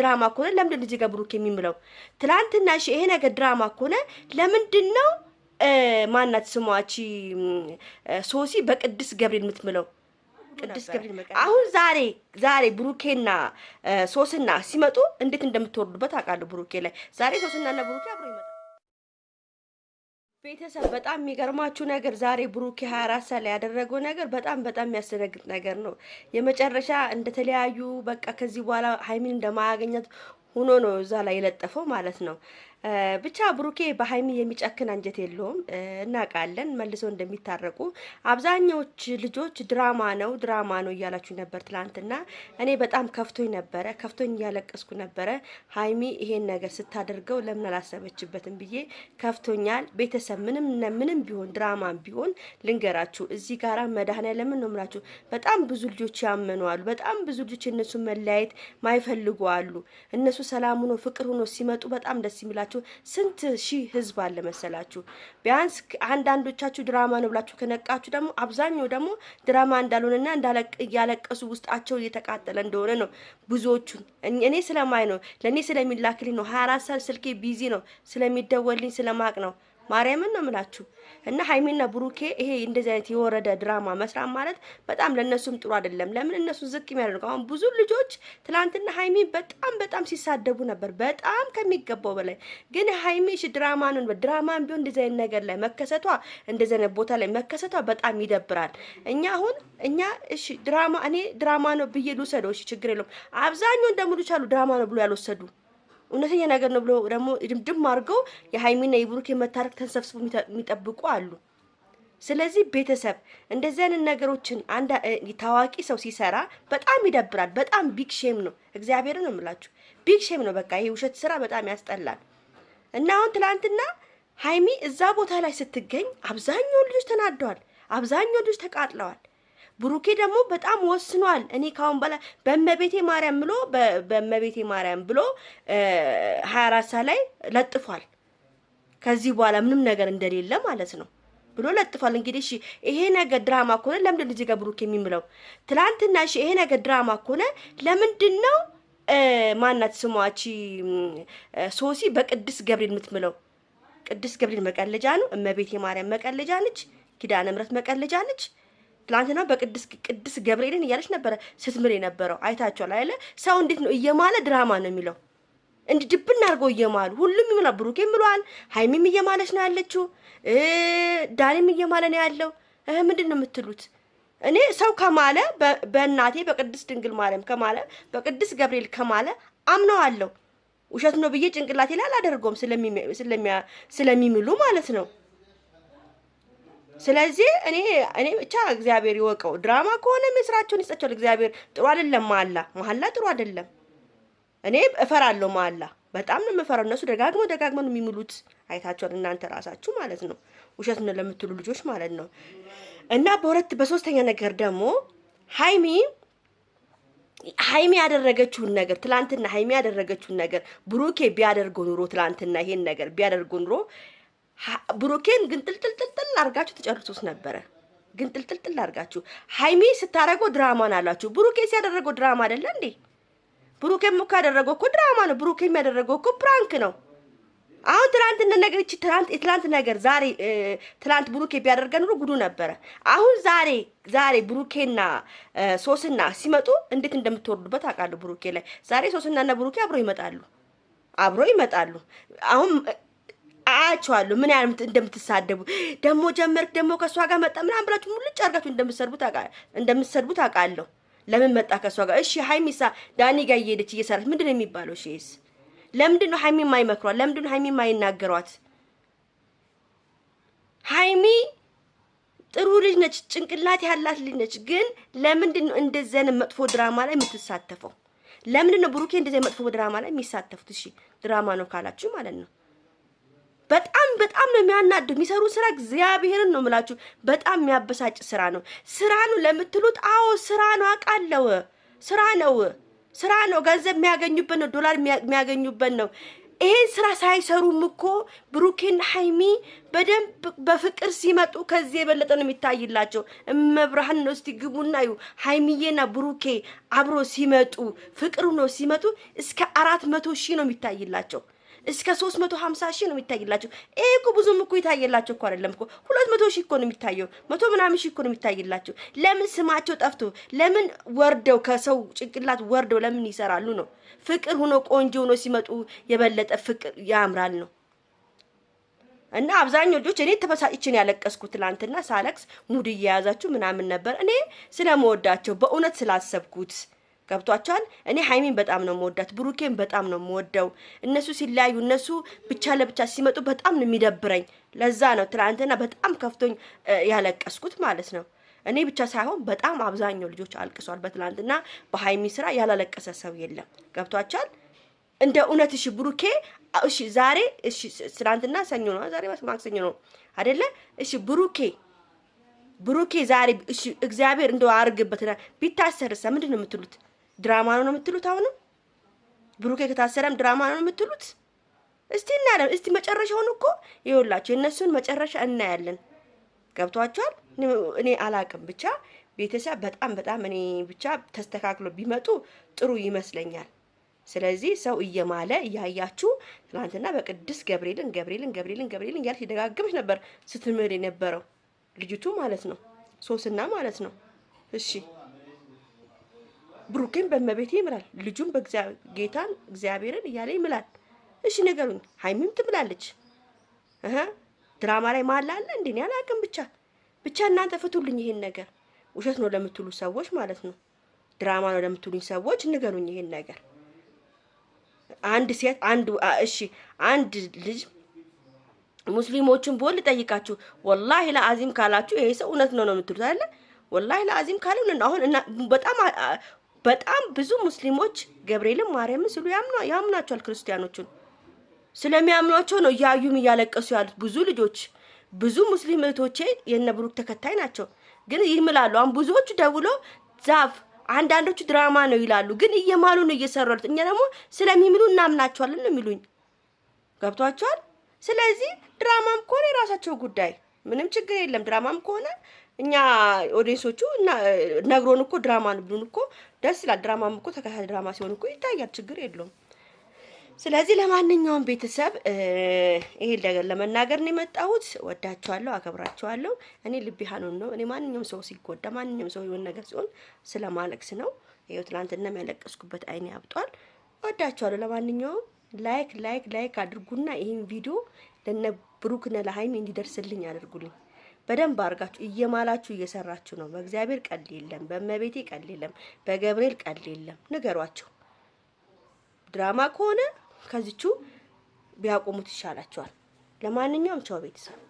ድራማ ከሆነ ለምንድን ነው እዚህ ጋር የሚምለው? ትላንትና እሺ፣ ይሄ ነገር ድራማ ከሆነ ለምንድን ነው ማናት ስሟቺ ሶሲ በቅድስ ገብርኤል የምትምለው? ቅድስ ገብርኤል መቃ አሁን ዛሬ ዛሬ ብሩኬና ሶስና ሲመጡ እንዴት እንደምትወርዱበት አውቃለሁ። ብሩኬ ላይ ዛሬ ሶስናና ብሩኬ አብሮ ይመጣሉ። ቤተሰብ በጣም የሚገርማችሁ ነገር ዛሬ ብሩኬ 24 ሰዓት ላይ ያደረገው ነገር በጣም በጣም የሚያስደነግጥ ነገር ነው። የመጨረሻ እንደተለያዩ በቃ ከዚህ በኋላ ሀይሚን እንደማያገኛት ሆኖ ነው እዛ ላይ የለጠፈው ማለት ነው። ብቻ ብሩኬ በሀይሚ የሚጨክን አንጀት የለውም። እናውቃለን መልሶ እንደሚታረቁ። አብዛኛዎች ልጆች ድራማ ነው ድራማ ነው እያላችሁ ነበር ትላንትና። እኔ በጣም ከፍቶኝ ነበረ፣ ከፍቶኝ እያለቀስኩ ነበረ። ሀይሚ ይሄን ነገር ስታደርገው ለምን አላሰበችበትም ብዬ ከፍቶኛል። ቤተሰብ ምንም ምንም ቢሆን ድራማ ቢሆን ልንገራችሁ፣ እዚህ ጋራ መድኃኔዓለምን ነው የምላችሁ። በጣም ብዙ ልጆች ያመኑ አሉ። በጣም ብዙ ልጆች እነሱ መለያየት ማይፈልጉ አሉ። እነሱ ሰላም ሆኖ ፍቅር ሆኖ ሲመጡ በጣም ደስ የሚላቸው መሰላችሁ? ስንት ሺህ ህዝብ አለ መሰላችሁ? ቢያንስ አንዳንዶቻችሁ ድራማ ነው ብላችሁ ከነቃችሁ ደግሞ አብዛኛው ደግሞ ድራማ እንዳልሆነና እያለቀሱ ውስጣቸው እየተቃጠለ እንደሆነ ነው። ብዙዎቹን እኔ ስለማይ ነው፣ ለእኔ ስለሚላክልኝ ነው። ሀያ አራት ሰዓት ስልኬ ቢዚ ነው፣ ስለሚደወልኝ ስለማቅ ነው። ማርያምን ነው ምላችሁ። እና ሀይሚና ብሩኬ ይሄ እንደዚህ አይነት የወረደ ድራማ መስራት ማለት በጣም ለእነሱም ጥሩ አይደለም። ለምን እነሱ ዝቅ የሚያደርገው አሁን ብዙ ልጆች ትናንትና ሀይሚ በጣም በጣም ሲሳደቡ ነበር፣ በጣም ከሚገባው በላይ ግን ሀይሚ ድራማንን ድራማን ቢሆን እንደዚህ አይነት ነገር ላይ መከሰቷ እንደዚህ አይነት ቦታ ላይ መከሰቷ በጣም ይደብራል። እኛ አሁን እኛ እሺ ድራማ እኔ ድራማ ነው ብዬ ልውሰደው፣ እሺ ችግር የለውም። አብዛኛውን ደግሞ ልጆች አሉ ድራማ ነው ብሎ ያልወሰዱ እውነተኛ ነገር ነው ብሎ ደግሞ ድምድም አድርገው የሀይሚና የብሩክ መታረቅ ተንሰብስቦ የሚጠብቁ አሉ። ስለዚህ ቤተሰብ እንደዚህ አይነት ነገሮችን አንድ ታዋቂ ሰው ሲሰራ በጣም ይደብራል። በጣም ቢግ ሼም ነው። እግዚአብሔር ነው የምላችሁ፣ ቢግ ሼም ነው። በቃ ይሄ ውሸት ስራ በጣም ያስጠላል። እና አሁን ትላንትና ሀይሚ እዛ ቦታ ላይ ስትገኝ አብዛኛውን ልጆች ተናደዋል። አብዛኛውን ልጆች ተቃጥለዋል። ብሩኬ ደግሞ በጣም ወስኗል። እኔ ካሁን በላ በእመቤቴ ማርያም ብሎ በእመቤቴ ማርያም ብሎ ሀያ አራት ሰዓት ላይ ለጥፏል። ከዚህ በኋላ ምንም ነገር እንደሌለ ማለት ነው ብሎ ለጥፏል። እንግዲህ እሺ ይሄ ነገር ድራማ ከሆነ ለምንድን ነው እዚህ ጋር ብሩኬ የሚምለው? ትላንትና እሺ ይሄ ነገር ድራማ ከሆነ ለምንድን ነው ማናት ስሟቺ ሶሲ በቅድስ ገብርኤል የምትምለው? ቅድስ ገብርኤል መቀለጃ ነው። እመቤቴ ማርያም መቀለጃ ነች። ኪዳነ ምሕረት መቀለጃ ነች። ትላንትና በቅድስ ቅድስ ገብርኤልን እያለች ነበረ ስትምር የነበረው አይታችኋል አይደለ? ሰው እንዴት ነው እየማለ ድራማ ነው የሚለው። እንዲ ድብና አድርጎ እየማሉ ሁሉም ይምላ ብሩኬም ብሏል፣ ሀይሚም እየማለች ነው ያለችው፣ ዳኔም እየማለ ነው ያለው። ምንድን ነው የምትሉት? እኔ ሰው ከማለ በእናቴ በቅድስ ድንግል ማርያም ከማለ በቅድስ ገብርኤል ከማለ አምነዋለሁ። ውሸት ነው ብዬ ጭንቅላቴ ላይ አላደርገውም ስለሚምሉ ማለት ነው። ስለዚህ እኔ እኔ ብቻ እግዚአብሔር ይወቀው። ድራማ ከሆነ የስራቸውን ይስጣቸዋል እግዚአብሔር። ጥሩ አይደለም ማላ መሀላ ጥሩ አይደለም። እኔ እፈራለሁ ማላ በጣም ነው የምፈራው። እነሱ ደጋግመው ደጋግመው ነው የሚምሉት። አይታችኋል እናንተ ራሳችሁ ማለት ነው፣ ውሸት ነው ለምትሉ ልጆች ማለት ነው። እና በሁለት በሶስተኛ ነገር ደግሞ ሀይሚ ሀይሚ ያደረገችውን ነገር ትላንትና ሀይሚ ያደረገችውን ነገር ብሩኬ ቢያደርገው ኑሮ ትላንትና ይሄን ነገር ቢያደርገው ኑሮ ብሩኬን ግን ጥልጥልጥልጥል አርጋችሁ ተጨርሱት ነበረ። ግን ጥልጥልጥል አድርጋችሁ ሀይሜ ስታደርገው ድራማን አላችሁ። ብሩኬ ሲያደረገው ድራማ አይደለ እንዴ? ብሩኬም እኮ ያደረገው እኮ ድራማ ነው። ብሩኬ ያደረገው እኮ ፕራንክ ነው። አሁን ትናንት ነገር እቺ ትላንት የትናንት ነገር ዛሬ ትናንት ብሩኬ ቢያደርገ ኑሮ ጉዱ ነበረ። አሁን ዛሬ ዛሬ ብሩኬና ሶስና ሲመጡ እንዴት እንደምትወርዱበት አውቃለሁ። ብሩኬ ላይ ዛሬ ሶስናና ብሩኬ አብሮ ይመጣሉ፣ አብሮ ይመጣሉ አሁን አያቸዋለሁ ምን ያህል እንደምትሳደቡ ደግሞ ጀመርክ ደግሞ ከእሷ ጋር መጣ ምናምን ብላችሁ ሙልጭ አድርጋችሁ እንደምትሰድቡ ታውቃለሁ። ለምን መጣ ከእሷ ጋር? እሺ ሀይሚሳ ዳኒ ጋር እየሄደች እየሰራች ምንድን ነው የሚባለው? እሺስ ለምንድን ነው ሀይሚ የማይመክሯት? ለምንድን ነው ሀይሚ የማይናገሯት? ሀይሚ ጥሩ ልጅ ነች፣ ጭንቅላት ያላት ልጅ ነች። ግን ለምንድን ነው እንደዚህ መጥፎ ድራማ ላይ የምትሳተፈው? ለምንድን ነው ብሩኬ እንደዚህ መጥፎ ድራማ ላይ የሚሳተፉት? እሺ ድራማ ነው ካላችሁ ማለት ነው የሚያናዱ የሚሰሩ ስራ እግዚአብሔርን ነው የምላችሁ፣ በጣም የሚያበሳጭ ስራ ነው። ስራ ነው ለምትሉት፣ አዎ ስራ ነው አውቃለሁ። ስራ ነው ስራ ነው። ገንዘብ የሚያገኙበት ነው። ዶላር የሚያገኙበት ነው። ይሄን ስራ ሳይሰሩም እኮ ብሩኬና ሀይሚ በደንብ በፍቅር ሲመጡ ከዚህ የበለጠ ነው የሚታይላቸው። እመብርሃን ነው። እስቲ ግቡና ዩ ሀይሚዬና ብሩኬ አብሮ ሲመጡ ፍቅሩ ነው ሲመጡ እስከ አራት መቶ ሺህ ነው የሚታይላቸው። እስከ 350 ሺህ ነው የሚታይላቸው። ይሄ እኮ ብዙም እኮ ይታየላቸው እኮ አይደለም እኮ 200 ሺህ እኮ ነው የሚታየው፣ መቶ ምናምን ሺህ እኮ ነው የሚታይላቸው። ለምን ስማቸው ጠፍቶ ለምን ወርደው ከሰው ጭንቅላት ወርደው ለምን ይሰራሉ ነው? ፍቅር ሆኖ ቆንጆ ሆኖ ሲመጡ የበለጠ ፍቅር ያምራል ነው። እና አብዛኛው ልጆች እኔ ተበሳጭችን ያለቀስኩት ትላንትና ሳለቅስ ሙድ እየያዛችሁ ምናምን ነበር። እኔ ስለመወዳቸው በእውነት ስላሰብኩት ገብቷቸዋል። እኔ ሀይሚን በጣም ነው መወዳት፣ ብሩኬን በጣም ነው መወደው። እነሱ ሲለያዩ እነሱ ብቻ ለብቻ ሲመጡ በጣም ነው የሚደብረኝ። ለዛ ነው ትናንትና በጣም ከፍቶኝ ያለቀስኩት ማለት ነው። እኔ ብቻ ሳይሆን በጣም አብዛኛው ልጆች አልቅሷል። በትናንትና በሀይሚ ስራ ያላለቀሰ ሰው የለም። ገብቷቸዋል። እንደ እውነት እሺ፣ ብሩኬ እሺ፣ ዛሬ እሺ፣ ትናንትና ሰኞ ነው፣ ዛሬ ማክሰኞ ነው አደለ? እሺ፣ ብሩኬ ብሩኬ ዛሬ እሺ፣ እግዚአብሔር እንደው አርግበት ቢታሰርሰ ምንድን ነው የምትሉት? ድራማ ነው ነው የምትሉት? አሁንም ብሩኬ ከታሰረም ድራማ ነው የምትሉት? እስቲ እናያለን። እስቲ መጨረሻውን እኮ ይኸውላችሁ፣ የእነሱን መጨረሻ እናያለን። ገብቷችኋል? እኔ አላቅም ብቻ ቤተሰብ በጣም በጣም እኔ ብቻ ተስተካክሎ ቢመጡ ጥሩ ይመስለኛል። ስለዚህ ሰው እየማለ እያያችሁ ትናንትና በቅድስት ገብርኤልን ገብርኤልን ገብርኤልን ገብርኤልን እያለች ደጋግመች ነበር ስትምል የነበረው ልጅቱ ማለት ነው፣ ሶስና ማለት ነው። እሺ ብሩኬን በመቤት ይምራል፣ ልጁን ጌታን እግዚአብሔርን እያለ ይምላል። እሺ ነገሩኝ። ሀይሚም ትምላለች። ድራማ ላይ ማላ አለ እንዴ? አላውቅም። ብቻ ብቻ እናንተ ፍቱልኝ ይሄን ነገር። ውሸት ነው ለምትሉ ሰዎች ማለት ነው፣ ድራማ ነው ለምትሉኝ ሰዎች ንገሩኝ ይሄን ነገር። አንድ ሴት አንድ እሺ አንድ ልጅ ሙስሊሞቹን ቦል ልጠይቃችሁ፣ ወላሂ ለአዚም ካላችሁ ይሄ ሰው እውነት ነው ነው የምትሉት አይደለ? ወላሂ ለአዚም ካለ አሁን በጣም በጣም ብዙ ሙስሊሞች ገብርኤልም ማርያምን ሲሉ ያምናቸዋል። ክርስቲያኖቹን ስለሚያምኗቸው ነው እያዩም እያለቀሱ ያሉት ብዙ ልጆች ብዙ ሙስሊም እህቶቼ የነ ብሩክ ተከታይ ናቸው። ግን ይህ ምላሉ አሁን ብዙዎቹ ደውሎ ዛፍ አንዳንዶቹ ድራማ ነው ይላሉ። ግን እየማሉ ነው እየሰሩ እኛ ደግሞ ስለሚምሉ እናምናቸዋለን ነው የሚሉኝ። ገብቷቸዋል። ስለዚህ ድራማም ከሆነ የራሳቸው ጉዳይ ምንም ችግር የለም። ድራማም ከሆነ እኛ ኦዲየንሶቹ ነግሮን እኮ ድራማ ብሉን እኮ ደስ ይላል። ድራማም እኮ ተከታታይ ድራማ ሲሆን እኮ ይታያል። ችግር የለውም። ስለዚህ ለማንኛውም ቤተሰብ ይሄ ነገር ለመናገር ነው የመጣሁት። ወዳችኋለሁ፣ አከብራችኋለሁ። እኔ ልቤ ሐኑን ነው። እኔ ማንኛውም ሰው ሲጎዳ፣ ማንኛውም ሰው የሆነ ነገር ሲሆን ስለ ማለቅስ ነው። ይኸው ትናንትና የሚያለቀስኩበት አይኔ አብጧል። ወዳችኋለሁ። ለማንኛውም ላይክ ላይክ ላይክ አድርጉና ይህን ቪዲዮ ለነ ብሩክነ ለሀይሚ እንዲደርስልኝ ያደርጉልኝ። በደንብ አድርጋችሁ እየማላችሁ እየሰራችሁ ነው። በእግዚአብሔር ቀል የለም፣ በእመቤቴ ቀል የለም፣ በገብርኤል ቀል የለም። ንገሯቸው። ድራማ ከሆነ ከዚቹ ቢያቆሙት ይሻላቸዋል። ለማንኛውም ቻው ቤተሰብ።